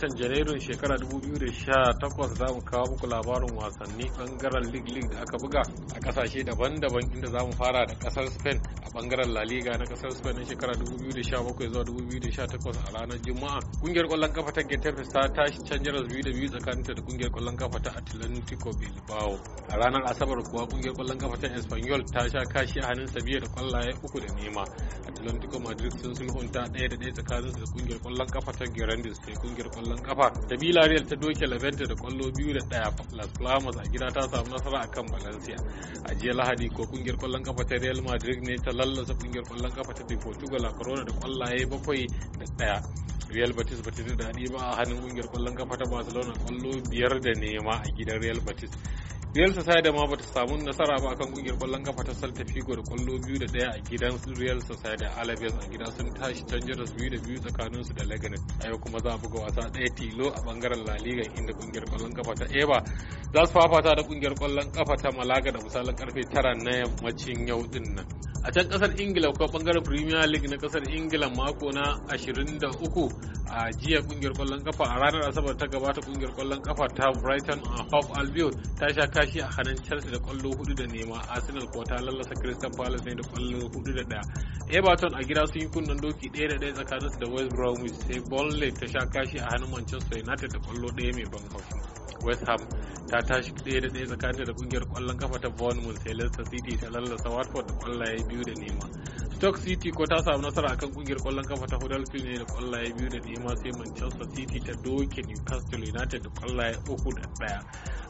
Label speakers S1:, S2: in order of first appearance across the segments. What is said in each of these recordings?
S1: watan janairun shekara 2018 za mu kawo muku labarin wasanni bangaren league league da aka buga a kasashe daban-daban inda za mu fara da kasar spain a bangaren la liga na kasar spain na shekara 2017 zuwa 2018 a ranar juma'a kungiyar kwallon kafa ta getafe ta tashi canjar biyu da biyu tsakaninta da kungiyar kwallon kafa ta atlantico bilbao a ranar asabar kuwa kungiyar kwallon kafa ta espanyol ta sha kashi a hannun sabiya da kwallaye uku da nema atlantico madrid sun sulhunta ɗaya da ɗaya tsakanin su da kungiyar kwallon kafa ta girandis sai kungiyar kwallon kwallon kafa da villarreal ta doke levante da kwallo biyu da daya las palmas a gida ta samu nasara akan valencia a jiya lahadi ko kungiyar kwallon kafa ta real madrid ne ta lallasa kungiyar kwallon kafa ta portugal a corona da kwallaye bakwai da daya Real Betis ba ta daɗi ba a hannun kungiyar kwallon kafa ta Barcelona kwallo biyar da nema a gidan Real Betis. Real Sociedad ma bata samu nasara ba akan kungiyar kwallon kafa ta Celta Figo da kwallo biyu da daya a gidan Real Sociedad Alaves a gida sun tashi can jaras biyu da biyu tsakanin su da Leganet. A yau kuma za a buga wasa daya tilo a bangaren La Liga inda kungiyar kwallon kafa ta Eba za su fafata da kungiyar kwallon kafa ta Malaga da misalin karfe 9 na yammacin yau din nan. A can kasar Ingila ko bangaren Premier League na kasar Ingila mako na 23 a jiya kungiyar kwallon kafa a ranar Asabar ta gabata kungiyar kwallon kafa ta Brighton a Hove Albion ta sha tashi a hannun Chelsea da kwallo hudu da nema Arsenal kuwa ta lallasa Crystal Palace ne da kwallo hudu da daya Everton a gida sun yi kunnen doki ɗaya da ɗaya tsakaninsu da West Bromwich sai Burnley ta sha kashi a hannun Manchester United da kwallo ɗaya mai ban West Ham ta tashi ɗaya da ɗaya tsakanin da kungiyar kwallon kafa ta Bournemouth sai Leicester City ta lallasa Watford da kwallaye biyu da nema stock city ko ta samu nasara akan kungiyar kwallon kafa ta huddersfield ne da kwallaye biyu da nema sai manchester city ta doke newcastle united da kwallaye uku da daya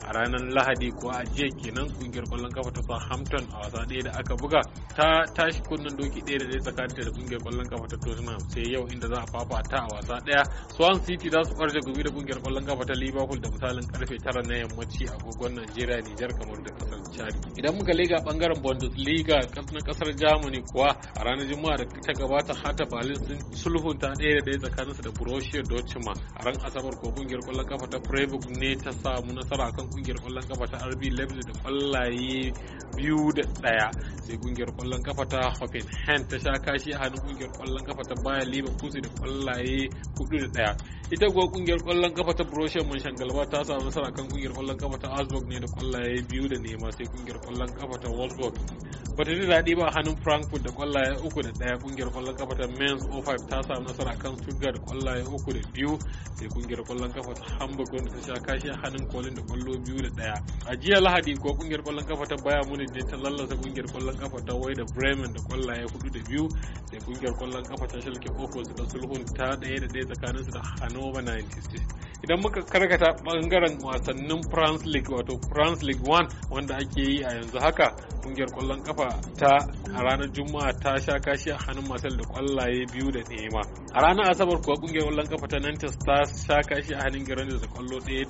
S1: a ranar lahadi ko a jiya kenan kungiyar kwallon kafa ta southampton a wasa daya da aka buga ta tashi kunnen doki daya da daya tsakanin da kungiyar kwallon kafa ta tottenham sai yau inda za a fafata a wasa ɗaya swan city za su kwarje gumi da kungiyar kwallon kafa ta liverpool da misalin karfe tara na yammaci agogon najeriya nijar kamar da idan muka lega bangaren bundesliga na kasar germany kuwa a ranar juma'a da ta gabata hata berlin sun sulhunta ɗaya da ɗaya tsakaninsu da borussia dortmund a ran asabar ko kungiyar kwallon kafa ta freiburg ne ta samu nasara akan kungiyar kwallon kafa ta rb leipzig da kwallaye biyu da ɗaya sai kungiyar kwallon kafa ta hoffenheim ta sha kashi a hannun kungiyar kwallon kafa ta bayan leverkusen da kwallaye hudu da ɗaya ita kuwa kungiyar kwallon kafa ta Borussia Mönchengladbach ta samu nasara kan kungiyar kwallon kafa ta Augsburg ne da kwallaye biyu da nema sai kungiyar kwallon kafa ta Wolfsburg ba ta ji daɗi ba hannun Frankfurt da kwallaye uku da ɗaya kungiyar kwallon kafa ta Mainz 05 ta samu nasara kan Stuttgart da kwallaye uku da biyu sai kungiyar kwallon kafa ta Hamburg wanda ta sha kashi hannun Kolin da kwallo biyu da ɗaya a jiya Lahadi kuwa kungiyar kwallon kafa ta Bayern Munich ne ta lallasa kungiyar kwallon kafa ta Werder Bremen da kwallaye hudu da biyu sai kungiyar kwallon kafa ta Schalke 04 da sulhun ta ɗaya da ɗaya tsakaninsu da hannun nova 96 idan muka karkata bangaren wasannin france league wato france league 1 wanda ake yi a yanzu haka kungiyar kwallon kafa ta a ranar juma'a ta sha kashi a hannun marcel da kwallaye biyu da ɗaya ma a ranar asabar kuwa kungiyar kwallon kafa ta nantes ta sha kashi a hannun girondins da kwallo ɗaya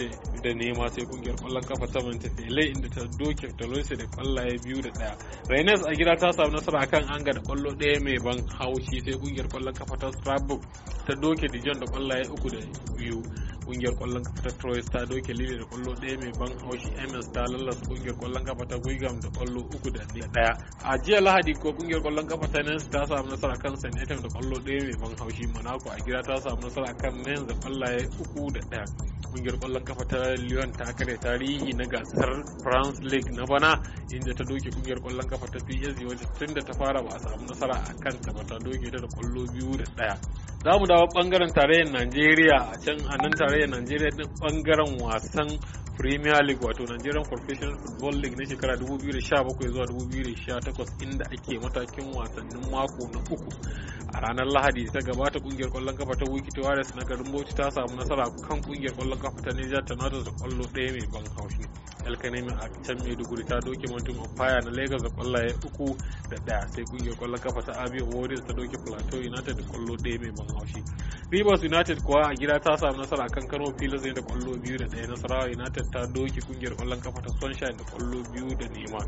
S1: da nema sai kungiyar kwallon kafa ta montefele inda ta doke tolose da kwallaye biyu da ɗaya reynes a gida ta samu nasara akan anga da kwallo ɗaya mai ban haushi sai kungiyar kwallon kafa ta strasbourg ta doke dijon da kwallaye uku da biyu kungiyar kwallon kafa ta Troyes ta doke Lille da kwallo ɗaya mai ban haushi MS ta lallasa kungiyar kwallon kafa ta Guigam da kwallo uku da ɗaya. A jiya Lahadi ko kungiyar kwallon kafa ta Nens ta samu nasara kan San da kwallo ɗaya mai ban haushi Monaco a gida ta samu nasara kan Nens da kwallaye uku da ɗaya. Kungiyar kwallon kafa ta Lyon ta kare tarihi na gasar France League na bana inda ta doke kungiyar kwallon kafa ta PSG wacce tun da ta fara ba a samu nasara a kanta ba ta doke ta da kwallo biyu da ɗaya. za mu dawo bangaren tarayyar najeriya a can a nan tarayyar najeriya din bangaren wasan premier league wato nigerian professional football league na shekara 2017 zuwa 2018 inda ake matakin wasannin mako na uku a ranar lahadi ta gabata kungiyar kwallon kafa ta wiki Tawaris na garin bauchi ta samu nasara kan kungiyar kwallon kafa ta niger tornadoes da kwallo ɗaya mai ban haushi alkanemi a can maiduguri ta doke mountain of fire na lagos da kwallaye uku da ɗaya sai kungiyar kwallon kafa ta abia warriors ta doke plateau united da kwallo ɗaya mai ban abin haushi rivers united kuwa a gida ta samu nasara kan kano pilas ne da kwallo biyu da daya nasarawa united ta doki kungiyar kwallon kafa ta sunshine da kwallo biyu da nema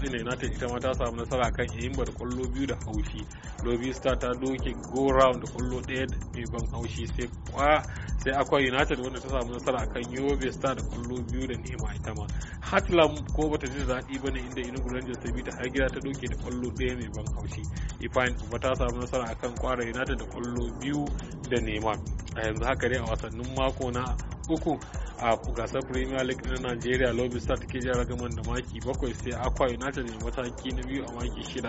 S1: tsina united ita ma ta samu nasara kan yimba da kwallo biyu da haushi lobby star ta doki go round da kwallo daya da mai ban haushi sai kwa sai akwai united wanda ta samu nasara kan yobe star da kwallo biyu da nema ita ma hatlam ko bata ji ba ne inda inugu rangers ta bi ta har gida ta doke da kwallo daya mai ban haushi ifan ba ta samu nasara akan kwara united da kwallo biyu. biyu da neman a yanzu haka dai a wasannin mako na uku a gasar premier league na nigeria lobby star take jan ragaman da maki bakwai sai aqua united ne mataki na biyu a maki shida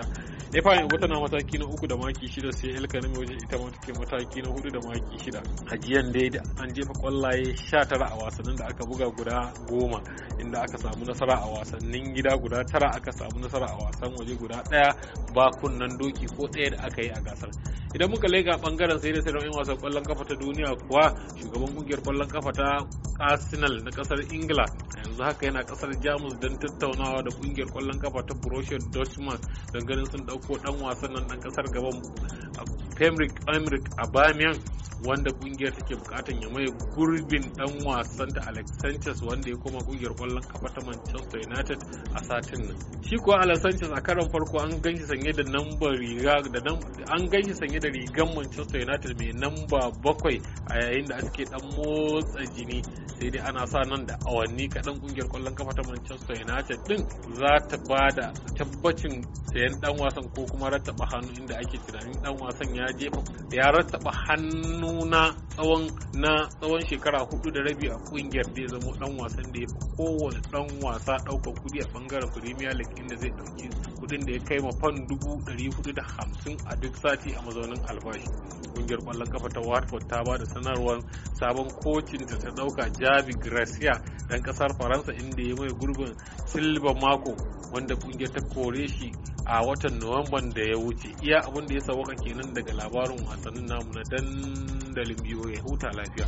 S1: efa yanzu tana mataki na uku da maki shida sai el kanami wajen ita ma take mataki na hudu da maki shida hajiyan dai an jefa kwallaye sha tara a wasannin da aka buga guda goma inda aka samu nasara a wasannin gida guda tara aka samu nasara a wasan waje guda daya ba doki ko tsaye da aka yi a gasar idan muka lega bangaren sai da sai yan wasan kwallon kafa ta duniya kuwa shugaban kungiyar kwallon kafa ta arsenal na kasar ingila yanzu haka yana kasar jamus don tattaunawa da kungiyar kwallon kafa ta borussia dortmund don ganin sun dauko dan wasan nan dan kasar gaban pemrick a abamian wanda kungiyar take bukatan ya mai gurbin dan wasan ta Alex Sanchez wanda ya koma kungiyar kwallon kafa ta Manchester United a satin nan shi kuwa Alex Sanchez a karon farko an ganshi sanye da number riga da an ganshi sanye da rigan Manchester United mai namba bakwai a yayin da ake dan motsa jini sai dai ana sa nan da awanni kaɗan kungiyar kwallon kafa ta Manchester United din za ta ba da tabbacin sayan dan wasan ko kuma rattaba hannu inda ake tunanin dan wasan ya jefa ya rattaba hannu na tsawon na tsawon shekara hudu da rabi a kungiyar da ya zama dan wasan da ya fi kowane dan wasa daukar kudi a bangaren premier league inda zai dauki kudin da ya kai ma fan dubu dari hudu da hamsin a duk sati a mazaunin albashi kungiyar kwallon kafa ta watford ta ba da sanarwar sabon kocin da ta dauka javi gracia dan kasar faransa inda ya mai gurbin silva mako wanda kungiyar ta kore shi a watan nuwamban da ya wuce iya abin da ya sauka kenan daga labarin wasannin namu na dan dandalin biyo ya huta lafiya.